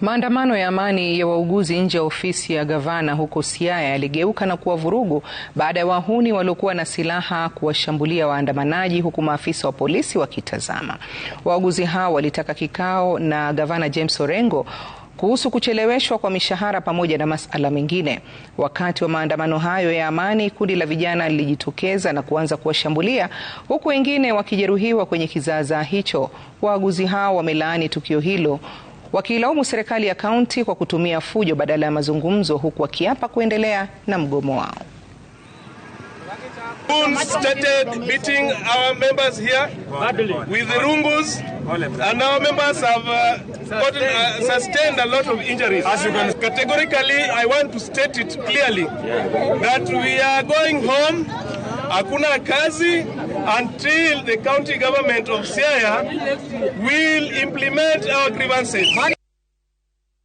Maandamano ya amani ya wauguzi nje ya ofisi ya gavana huko Siaya yaligeuka na kuwa vurugu baada ya wahuni waliokuwa na silaha kuwashambulia waandamanaji huku maafisa wa polisi wakitazama. Wauguzi hao walitaka kikao na gavana James Orengo kuhusu kucheleweshwa kwa mishahara pamoja na masuala mengine. Wakati wa maandamano hayo ya amani, kundi la vijana lilijitokeza na kuanza kuwashambulia huku wengine wakijeruhiwa kwenye kizaazaa hicho. Waaguzi hao wamelaani tukio hilo wakiilaumu serikali ya kaunti kwa kutumia fujo badala ya mazungumzo, huku wakiapa kuendelea na mgomo wao. Uh, uh, Hakuna kazi until the county government of Siaya will implement our grievances.